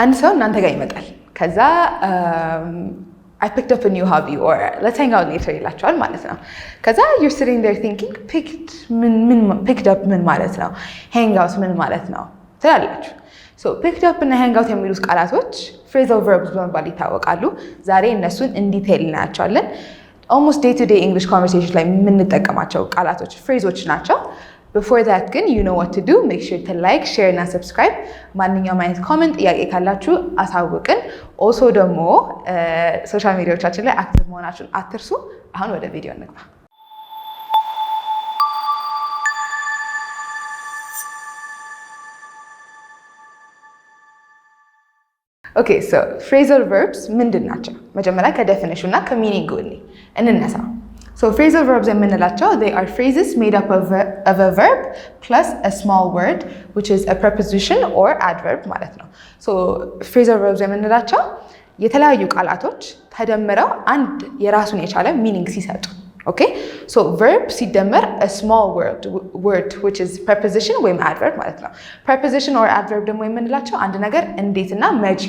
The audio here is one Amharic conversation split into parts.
አንድ ሰው እናንተ ጋር ይመጣል። ከዛ አይ ፒክድ አፕ ኒው ሀቢ ኦር ሌትስ ሃንግ አውት ሌተር ይላቸዋል ማለት ነው። ከዛ ዩር ሲቲንግ ዴር ቲንኪንግ ፒክድ አፕ ምን ማለት ነው፣ ሃንግ አውት ምን ማለት ነው ትላላችሁ። ፒክድ አፕ እና ሃንግ አውት የሚሉት ቃላቶች ፍሬዘል ቨርብስ በመባል ይታወቃሉ። ዛሬ እነሱን እንዲቴል እናያቸዋለን። ኦልሞስት ዴይ ቱ ዴይ ኢንግሊሽ ኮንቨርሴሽን ላይ የምንጠቀማቸው ቃላቶች ፍሬዞች ናቸው። ብፎር ዛት ግን ዩ ኖ ዋት ቱ ዱ ሜክ ሹር ቱ ላይክ ሼር እና ሰብስክራይብ። ማንኛውም አይነት ኮመንት፣ ጥያቄ ካላችሁ አሳውቅን። ኦሶ ደግሞ ሶሻል uh, ሚዲያዎቻችን ላይ አክቲቭ መሆናችሁን አትርሱ። አሁን ወደ ቪዲዮ እንግባ። ኦኬ ሶ ፍሬዘል ቨርብስ ምንድን ናቸው? መጀመሪያ ከዴፊኒሽኑ እና ከሚኒንጉ እንነሳ። ፍሬዘል ቨርብስ የምንላቸው አር ፍሬዝስ ሜድ አፕ ኦፍ አ ቨርብ ፕለስ አ ስማል ወርድ ዊች ኢዝ አ ፕሪፖዚሽን ኦር አድቨርብ ማለት ነው። ፍሬዘል ቨርብስ የምንላቸው የተለያዩ ቃላቶች ተደምረው አንድ የራሱን የቻለ ሚኒንግ ሲሰጡ ኦኬ ሶ ቨርብ ሲደመር ስማል ወርድ ዊች ኢዝ ፕሪፖዚሽን ወይም አድቨርብ ማለት ነው። ፕሪፖዚሽን ኦር አድቨርብ ደግሞ የምንላቸው አንድ ነገር እንዴትና መቼ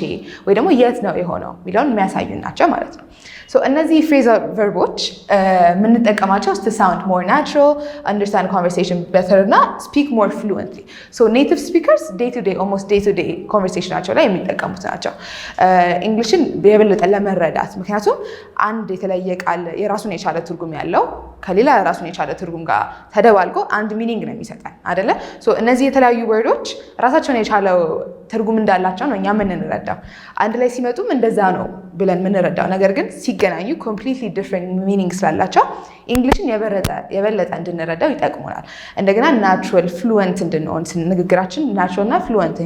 ወይ ደግሞ የት ነው የሆነው የሚለውን የሚያሳዩን ናቸው ማለት ነው። እነዚህ ፍሬዝ ቨርቦች uh, የምንጠቀማቸው ስ ሳውንድ ሞር ናቹራል አንደርስታንድ ኮንቨርሴሽን በተር እና ስፒክ ሞር ፍሉዌንትሊ ኔቲቭ ስፒከርስ ዴይ ቱ ዴይ ኦልሞስት ዴይ ቱ ዴይ ኮንቨርሴሽናቸው ላይ የሚጠቀሙት ናቸው እንግሊሽን uh, የበለጠ ለመረዳት ምክንያቱም አንድ የተለየ ቃል የራሱን የቻለ ትርጉም ያለው ከሌላ ራሱን የቻለ ትርጉም ጋር ተደባልቆ አንድ ሚኒንግ ነው የሚሰጠን አይደለ እነዚህ የተለያዩ ወርዶች ራሳቸውን የቻለው ትርጉም እንዳላቸው ነው እኛ የምንረዳው። አንድ ላይ ሲመጡም እንደዛ ነው ብለን የምንረዳው። ነገር ግን ሲገናኙ ኮምፕሊትሊ ዲፍረንት ሚኒንግ ስላላቸው ኢንግሊሽን የበለጠ እንድንረዳው ይጠቅሙናል። እንደገና ናቹራል ፍሉወንት እንድንሆን ንግግራችን ናቹራል እና ፍሉወንት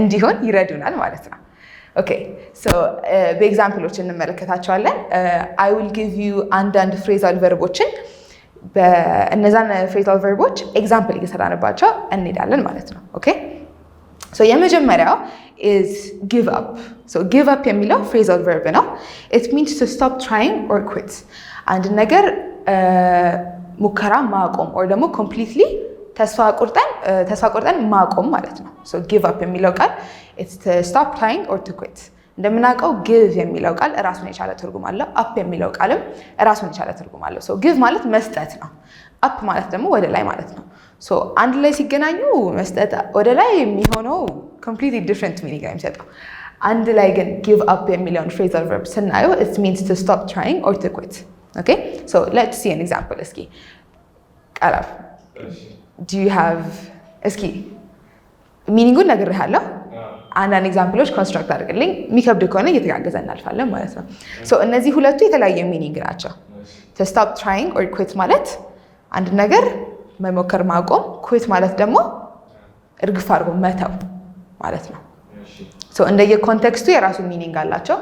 እንዲሆን ይረዱናል ማለት ነው። ኦኬ ሶ በኤግዛምፕሎች እንመለከታቸዋለን። አይ ዊል ጊቭ ዩ አንዳንድ ፍሬዛል ቨርቦችን በእነዛን ፍሬዛል ቨርቦች ኤግዛምፕል እየሰራንባቸው እንሄዳለን ማለት ነው። ኦኬ የመጀመሪያው ኢዝ ጊቭ አፕ። ጊቭ አፕ የሚለው ፍሬዛል ቨርብ ነው። ኢት ሚንስ ቱ ስቶፕ ትራይንግ ኦር ኩት፣ አንድ ነገር ሙከራ ማቆም ኦር ደግሞ ኮምፕሊትሊ ተስፋ ቆርጠን ማቆም ማለት ነው። ጊቭ አፕ የሚለው ቃል ኢትስ ቱ ስቶፕ ትራይንግ ኦር ቱ ኩት። እንደምናውቀው ግቭ የሚለው ቃል ራሱን የቻለ ትርጉም አለው። አፕ የሚለው ቃልም እራሱን የቻለ ትርጉም አለው። ግቭ ማለት መስጠት ነው። አፕ ማለት ደግሞ ወደ ላይ ማለት ነው። አንድ ላይ ሲገናኙ መስጠት ወደ ላይ የሚሆነው ኮምፕሊትሊ ዲፍረንት ሚኒንግ ነው የሚሰጠው። አንድ ላይ ግን ጊቭ አፕ የሚለውን ፍሬዘር ቨርብ ስናየው ኢት ሚንስ ቱ ስቶፕ ትራይንግ ኦር ቱ ኩዊት። ኦኬ ሶ ሌትስ ሲ አን ኤግዛምፕል። እስኪ ቀላል ዱ ዩ ሃቭ እስኪ ሚኒንጉን ነግሬሃለሁ። አንዳንድ ኤግዛምፕሎች ኮንስትራክት አድርግልኝ። የሚከብድ ከሆነ እየተጋገዘ እናልፋለን ማለት ነው። ሶ እነዚህ ሁለቱ የተለያየ ሚኒንግ ናቸው። ስቶፕ ትራይንግ ኦር ኩዊት ማለት አንድ ነገር መሞከር ማቆም፣ ኩዊት ማለት ደግሞ እርግፍ አድርጎ መተው ማለት ነው። እንደየ ኮንቴክስቱ የራሱ ሚኒንግ አላቸው።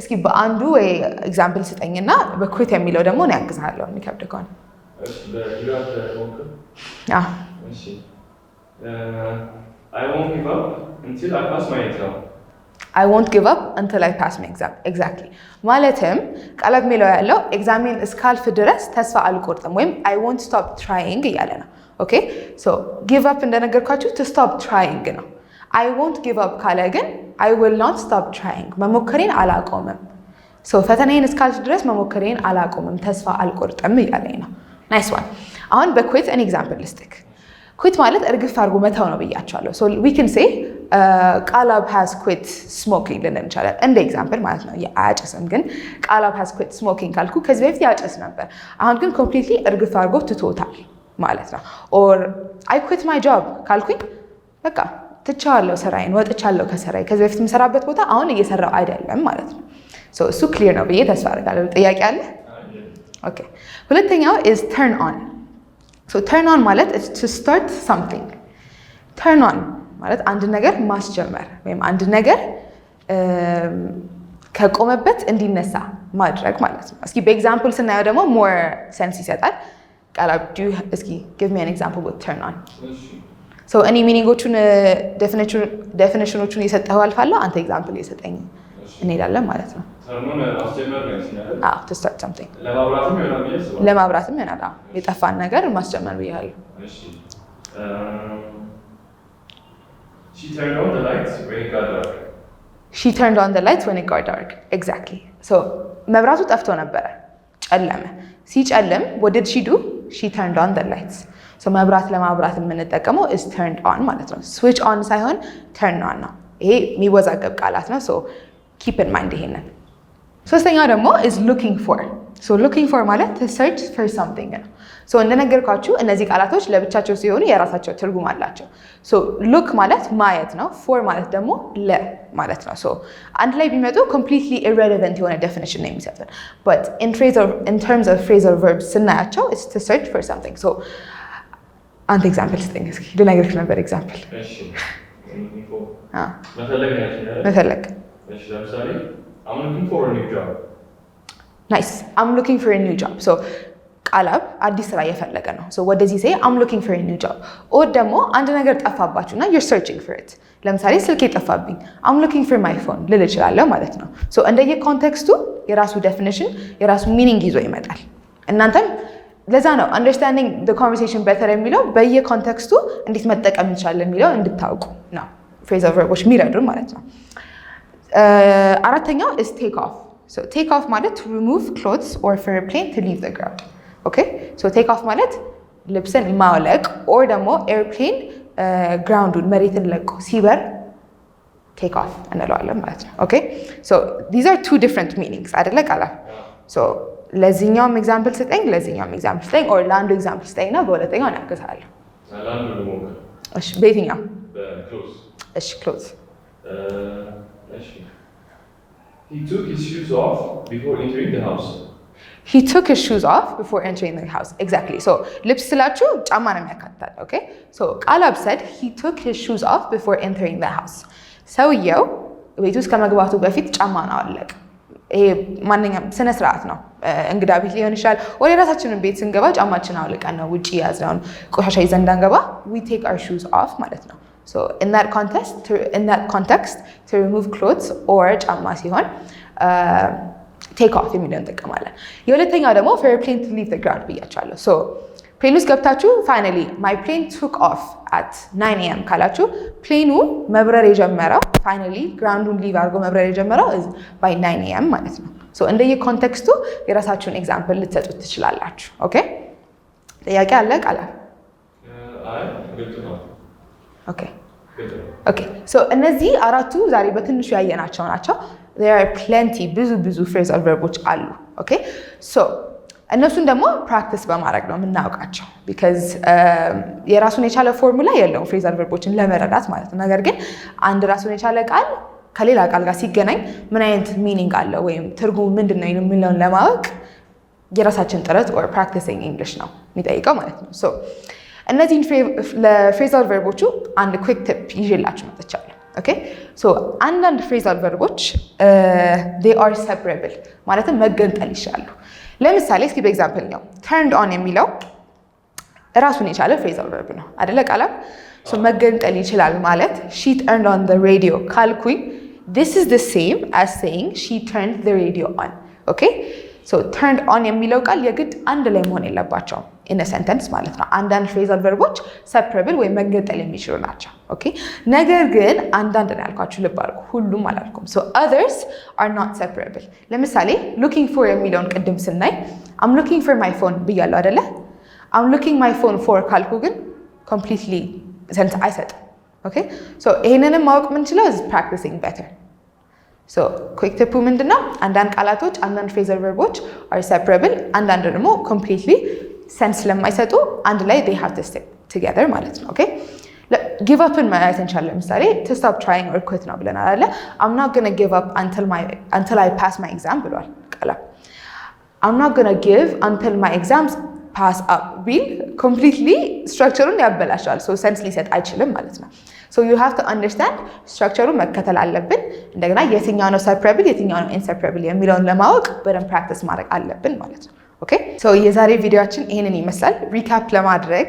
እስኪ በአንዱ ወይ ኤግዛምፕል ስጠኝና በኩት የሚለው ደግሞ ነው ያግዝሃለሁ የሚከብድ ከሆነ አይ ወንት ጊቭ አፕ እንትን ላይ ፓስ ሚ ኤግዛም ኤግዛክትሊ። ማለትም ቃላት የሚለው ያለው ኤግዛሜን እስካልፍ ድረስ ተስፋ አልቆርጥም ወይም አይ ወንት ስቶፕ ትራይንግ እያለ ነው። ኦኬ ሶ ጊቭ አፕ እንደነገርኳችሁ ቱ ስቶፕ ትራይንግ ነው። አይ ወንት ጊቭ አፕ ካለ ግን አይ ዊል ኖት ስቶፕ ትራይንግ፣ መሞከሬን አላቆምም። ሶ ፈተናዬን እስካልፍ ድረስ መሞከሬን አላቆምም፣ ተስፋ አልቆርጥም እያለኝ ነው። ናይስ ዋን። አሁን በኩዌት እኔ ኤግዛምፕል ልስጥክ ኩት ማለት እርግፍ አድርጎ መተው ነው ብያቸዋለሁ። ዊክን ሴ ቃላብ ሃዝ ኩት ስሞኪንግ ልንል እንችላለን፣ እንደ ኤግዛምፕል ማለት ነው። አያጨስም፣ ግን ቃላብ ሃዝ ኩት ስሞኪንግ ካልኩ ከዚህ በፊት ያጨስ ነበር፣ አሁን ግን ኮምፕሊትሊ እርግፍ አድርጎ ትቶታል ማለት ነው። ኦር አይ ኩት ማይ ጆብ ካልኩኝ በቃ ትቻዋለሁ፣ ስራዬን ወጥቻለሁ ከስራዬ። ከዚህ በፊት የምሰራበት ቦታ አሁን እየሰራው አይደለም ማለት ነው። እሱ ክሊር ነው ብዬ ተስፋ አደርጋለሁ። ጥያቄ አለ? ኦኬ። ሁለተኛው ኢዝ ተርን ኦን ተርን ኦን ማለት ቱ ስታርት ሳምቲንግ ተርን ኦን ማለት አንድ ነገር ማስጀመር ወይም አንድ ነገር ከቆመበት እንዲነሳ ማድረግ ማለት ነው። እስኪ በኤግዛምፕል ስናየው ደግሞ ሞር ሰንስ ይሰጣል። ቃላብ እስኪ ጊቭ ሚ አን ኤግዛምፕል ዊዝ ተርን ኦን። እኔ ሚኒንጎቹን ዴፊኒሽኖቹን የሰጠኸው አልፋለሁ፣ አንተ ኤግዛምፕል እየሰጠኝ እንሄዳለን ማለት ነው። ለማብራትም ይሆናል የጠፋን ነገር ማስጀመር ብያለሁ። ሺ ተርንድ ኦን ላይትስ ወን ኢት ጋት ዳርክ ኤግዛክትሊ። መብራቱ ጠፍቶ ነበረ፣ ጨለመ። ሲጨልም ወደድ ሺ ዱ ሺ ተርንድ ኦን ላይትስ። መብራት ለማብራት የምንጠቀመው ኢዝ ተርንድ ኦን ማለት ነው። ስዊች ኦን ሳይሆን ተርን ኦን ነው። ይሄ የሚወዛገብ ቃላት ነው። ኪፕ ኢን ማይንድ ይሄንን ሶስተኛው ደግሞ ኢዝ ሉኪንግ ፎር ሉኪንግ ፎር ማለት ሰርች ፎር ሳምቲንግ ነው። እንደነገርኳችሁ እነዚህ ቃላቶች ለብቻቸው ሲሆኑ የራሳቸው ትርጉም አላቸው። ሉክ ማለት ማየት ነው። ፎር ማለት ደግሞ ለ ማለት ነው። አንድ ላይ ቢመጡ ኮምፕሊትሊ ኢረሌቨንት የሆነ ዴፊኒሽን ነው የሚሰጥን። በት ኢን ተርምስ ኦፍ ፍሬዘል ቨርብ ስናያቸው ኢትስ ቱ ሰርች ፎር ሳምቲንግ። አንተ ኤግዛምፕል ስጠኝ እስኪ። ልነግርህ ነበር ኤግዛምፕል መፈለግ I'm looking for a new job. ናይስ አም ሉኪንግ ፎር ኒው ጆብ ሶ ቃላብ አዲስ ስራ እየፈለገ ነው። ሶ ወደዚህ ሴ አም ሉኪንግ ፎር ኒው ጆብ ኦር ደግሞ አንድ ነገር ጠፋባችሁ እና ዩር ሰርችንግ ፎር ኢት። ለምሳሌ ስልክ የጠፋብኝ አም ሉኪንግ ፎር ማይ ፎን ልል እችላለሁ ማለት ነው። ሶ እንደየ ኮንቴክስቱ የራሱ ዴፊኒሽን የራሱ ሚኒንግ ይዞ ይመጣል። እናንተም ለዛ ነው አንደርስታንዲንግ ዘ ኮንቨርሴሽን ቤተር የሚለው በየኮንቴክስቱ እንዴት መጠቀም እንችላለን የሚለው እንድታውቁ ነው። ፍሬዝ ኦፍ ቨርቦች የሚረዱን ማለት ነው። Uh, አራተኛው ኢዝ ቴክ ኦፍ ቴክ ኦፍ ማለት ሪሙቭ ክሎትስ ኦር ፍር ፕሌን ቱ ሊቭ ዘ ግራውንድ ኦኬ ሶ ቴክ ኦፍ ማለት ልብስን ማውለቅ ኦር ደግሞ ኤርፕሌን uh, ግራውንዱን መሬትን ለቆ ሲበር ቴክ ኦፍ እንለዋለን ማለት ነው። ኦኬ ሶ ዲዝ አር ቱ ዲፍረንት ሚኒንግስ አይደለ ቃላት። ሶ ለዚህኛውም ኤግዛምፕል ስጠኝ፣ ለዚህኛውም ኤግዛምፕል ስጠኝ፣ ኦር ለአንዱ ኤግዛምፕል ስጠኝ በሁለተኛው እናግዛለሁ። በየትኛው? እሺ ክሎዝ uh, እሺ He took his shoes off before entering the house. ሂ ቱክ ሂዝ ሹዝ ኦፍ ቢፎር ኤንትሪንግ ዘ ሃውስ ኤግዛክትሊ። ሶ ልብስ ስላችሁ ጫማ ነው የሚያካትታል። ኦኬ ሶ ቃላብ ሰድ ሂ ቱክ ሂዝ ሹዝ ኦፍ ቢፎር ኤንትሪንግ ዘ ሃውስ። ሰውየው ቤት ውስጥ ከመግባቱ በፊት ጫማ ነው አለቅ። ይሄ ማንኛውም ስነ ስርዓት ነው። እንግዳ ቤት ሊሆን ይችላል። ወደ የራሳችንን ቤት ስንገባ ጫማችን አውልቀን ነው ውጭ የያዝነውን ቆሻሻ ይዘን እንዳንገባ ዊ ቴክ አር ሹዝ ኦፍ ማለት ነው። So in that context, to, in that context, to remove clothes or ጫማ ሲሆን ቴክ uh, ኦፍ የሚለውን እንጠቀማለን። የሁለተኛው ደግሞ ፌር ፕሌን ቱ ሊቭ ግራውንድ ብያቸዋለሁ። ሶ ፕሌን ውስጥ ገብታችሁ ፋይናሊ ማይ ፕሌን ቱክ ኦፍ አት ናይን ኤም ካላችሁ ፕሌኑ መብረር የጀመረው ፋይናሊ ግራውንዱን ሊቭ አድርጎ መብረር የጀመረው ባይ ናይን ኤም ማለት ነው። ሶ እንደየ ኮንቴክስቱ የራሳችሁን ኤግዛምፕል ልትሰጡት ትችላላችሁ። ኦኬ ጥያቄ አለ ቃላ እነዚህ አራቱ ዛሬ በትንሹ ያየናቸው ናቸው። ፕሌንቲ ብዙ ብዙ ፍሬዛል ቨርቦች አሉ። እነሱን ደግሞ ፕራክቲስ በማድረግ ነው የምናውቃቸው። ቢካዝ um, የራሱን የቻለ ፎርሙላ የለውም ፍሬዛል ቨርቦችን ለመረዳት ማለት ነው። ነገር ግን አንድ ራሱን የቻለ ቃል ከሌላ ቃል ጋር ሲገናኝ ምን አይነት ሚኒንግ አለው ወይም ትርጉሙ ምንድን ነው የሚለውን ለማወቅ የራሳችን ጥረት ኦር ፕራክቲሲንግ ኢንግሊሽ ነው የሚጠይቀው ማለት ነው። እነዚህን ለፍሬዛል ቨርቦቹ አንድ ኩክ ቲፕ ይዤላችሁ መጥቻለሁ። ኦኬ ሶ አንዳንድ ፍሬዛል ቨርቦች ዴይ አር ሰፕሬብል ማለትም መገንጠል ይችላሉ። ለምሳሌ እስኪ በኤግዛምፕል ነው ተርንድ ኦን የሚለው ራሱን የቻለ ፍሬዛል ቨርብ ነው አደለ? ቃላም መገንጠል ይችላል ማለት ሺ ተርንድ ኦን ዘ ሬዲዮ ካልኩኝ ዲስ ኢዝ ዘ ሴም አስ ሴይንግ ሺ ተርንድ ዘ ሬዲዮ ኦን። ኦኬ ሶ ተርንድ ኦን የሚለው ቃል የግድ አንድ ላይ መሆን የለባቸውም። ኢን ሰንተንስ ማለት ነው። አንዳንድ ፍሬዛል ቨርቦች ሰፕረብል ወይም መገንጠል የሚችሉ ናቸው። ኦኬ ነገር ግን አንዳንድ ነው ያልኳችሁ፣ ልብ አድርጉ። ሁሉም አላልኩም። ሶ ኦዘርስ አር ናት ሰፕረብል። ለምሳሌ ሉኪንግ ፎር የሚለውን ቅድም ስናይ አም ሉኪንግ ፎር ማይ ፎን ብያለሁ አይደለ? አም ሉኪንግ ማይ ፎን ፎር ካልኩ ግን ኮምፕሊትሊ ሰንት አይሰጥም። ኦኬ ሶ ይሄንንም ማወቅ የምንችለው ኢዝ ፕራክቲሲንግ ቤተር ኩክ ቲፑ ምንድነው? አንዳንድ ቃላቶች አንዳንድ ፍሬዘል ቨርቦች አር ሰፕረብል፣ አንዳንድ ደግሞ ኮምፕሊትሊ ሰን ስለማይሰጡ አንድ ላይ they have to stick together ማለት ነው። ኦኬ ጊቭ አፕን ማየት እንችላለን። ለምሳሌ to stop trying or quit ነው ብለን አላለ I'm not going to give up until my until I ብሏል ቃላ I'm not going to give until my exams pass ቢል ኮምፕሊትሊ ስትራክቸሩን ያበላሻል። ሶ ሰንስ ሊሰጥ አይችልም ማለት ነው። ሶ ዩ ሃቭ ቱ አንደርስታንድ ስትራክቸሩን መከተል አለብን። እንደገና የትኛው ነው ሰፕረብል የትኛው ነው ኢንሰፕረብል የሚለውን ለማወቅ በደንብ ፕራክቲስ ማድረግ አለብን ማለት ነው። ኦኬ ሶ የዛሬ ቪዲዮችን ይህንን ይመስላል። ሪካፕ ለማድረግ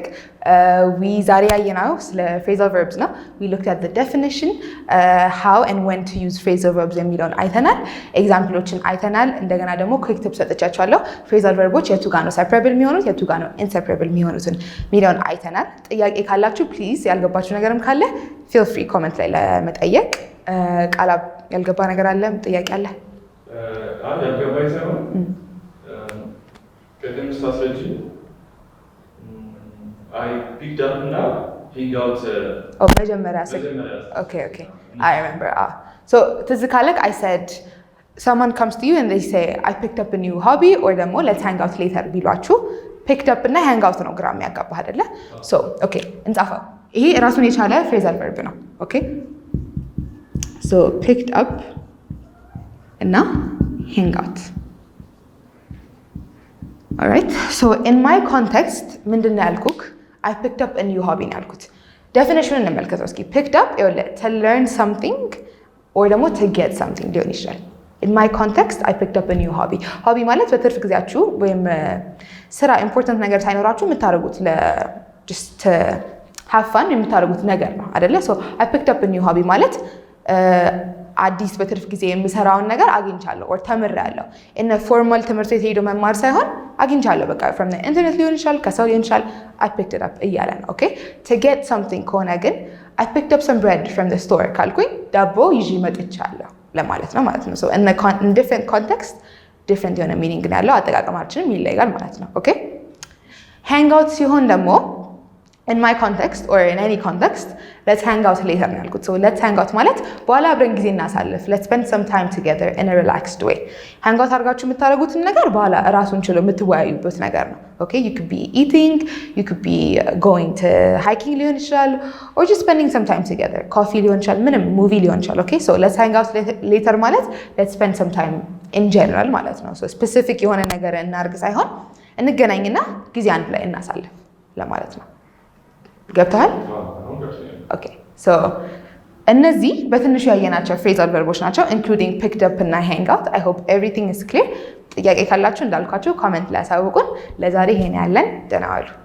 ዊ ዛሬ ያየነው ስለ ፍሬዘል ቨርብስ ነው። ዊ ሉክ አት ዴፊኒሽን ሃው ኤንድ ወን ቱ ዩዝ ፍሬዘል ቨርብስ የሚለውን አይተናል። ኤግዛምፕሎችን አይተናል። እንደገና ደግሞ ኩዊክ ቲፕ ሰጥቻቸዋለሁ። ፍሬዘል ቨርቦች የቱ ጋ ነው ሴፐረብል የሚሆኑት፣ የቱ ጋ ነው ኢንሴፐረብል የሚሆኑትን የሚለውን አይተናል። ጥያቄ ካላችሁ ፕሊዝ፣ ያልገባችሁ ነገርም ካለ ፊል ፍሪ ኮመንት ላይ ለመጠየቅ። ቃላ ያልገባ ነገር አለ? ጥያቄ አለ? ቅድም ስታስረጂ አይ ፒክድ አፕ እና ሂንግ አውት uh, oh, መጀመሪያ ኦኬ ኦኬ አይ ሪሜምበር አ ሶ ትዝ ካለክ አይ ሰድ ሰማን ካምስ ቱ ዩ ኤንድ ዴይ ሴ አይ ፒክድ አፕ ኒው ሆቢ ኦር ደግሞ ሌትስ ሃንግ አውት ሌተር ቢሏችሁ ፒክድ አፕ እና ሃንግ አውት ነው ግራ የሚያጋባህ አይደለ? ሶ ኦኬ እንጻፈው። ይሄ ራሱን የቻለ ፍሬዛል ቨርብ ነው። ኦኬ ሶ ፒክድ አፕ እና ሃንግ አውት ኦራይት ሶ ኢን ማይ ኮንቴክስት ምንድን ነው ያልኩክ? አይ ፒክድ አፕ ኒው ሆቢ ነው ያልኩት። ዴፊኒሽኑን እንመልከተው እስኪ። ፒክድ አፕ ቱ ለርን ሰምቲንግ ወይ ደግሞ ቱ ጌት ሰምቲንግ ሊሆን ይችላል። ኢን ማይ ኮንቴክስት አይ ፒክድ አፕ ኒው ሆቢ። ሆቢ ማለት በትርፍ ጊዜያችሁ ወይም uh, ስራ ኢምፖርታንት ነገር ሳይኖራችሁ የምታደርጉት ለጅስት ሀፋን የምታደርጉት ነገር ነው አይደለ? ሶ አይ ፒክድ አፕ ኒው ሆቢ ማለት uh, አዲስ በትርፍ ጊዜ የምሰራውን ነገር አግኝቻለሁ ኦር ተምሬያለሁ። እነ ፎርማል ትምህርት ቤት ሄዶ መማር ሳይሆን አግኝቻለሁ። በቃ ፍሮም ኢንተርኔት ሊሆን ይችላል፣ ከሰው ሊሆን ይችላል። አይ ፒክድ አፕ እያለ ነው። ኦኬ ቱ ጌት ሰምቲንግ ከሆነ ግን አይ ፒክድ አፕ ሰም ብሬድ ፍሮም ስቶር ካልኩኝ ዳቦ ይዤ መጥቻለሁ ለማለት ነው ማለት ነው። ሶ ኢን ዲፍረንት ኮንቴክስት ዲፍረንት የሆነ ሚኒንግ ያለው አጠቃቀማችንም ይለያል ማለት ነው። ኦኬ ሃንግ አውት ሲሆን ደግሞ ኢን ማይ ኮንቴክስት ኦር ኢን ኤኒ ኮንቴክስት ሌትስ ሃንግ አውት ሌተር ነው ያልኩት። ሌትስ ሃንግ አውት ማለት በኋላ አብረን ጊዜ እናሳልፍ፣ ሌትስ ስፔንድ ሰም ታይም ቱጌዘር ኢን ኤ ሪላክስድ ዌይ። ሃንግ አውት አድርጋችሁ የምታደርጉትን ነገር በኋላ እራሱን ችሎ የምትወያዩበት ነገር ነው። ኦኬ ዩ ኩድ ቢ ኢቲንግ ዩ ኩድ ቢ ጎይንግ ቱ ሃይኪንግ ሊሆን ይችላል፣ ኦር ጀስት ስፔንዲንግ ሰም ታይም ቱጌዘር። ኮፊ ሊሆን ይችላል፣ ምንም ሙቪ ሊሆን ይችላል። ኦኬ ሶ ሌትስ ሃንግ አውት ሌተር ማለት ሌትስ ስፔንድ ሰም ታይም ኢን ጀነራል ማለት ነው። ሶ ስፔሲፊክ የሆነ ነገር እናርግ ሳይሆን እንገናኝና ጊዜ አንድ ላይ እናሳልፍ ለማለት ነው። ገብተሃል? ሶ እነዚህ በትንሹ ያየናቸው ፍሬዛል ቨርቦች ናቸው። ኢንክሉዲንግ ፒክድ አፕ እና ሃንግ አውት። አይ ሆፕ ኤቭሪቲንግ ኢዝ ክሊር። ጥያቄ ካላችሁ እንዳልኳችሁ ኮመንት ላይ ያሳውቁን። ለዛሬ ይሄን ያለን ደህና ዋሉ።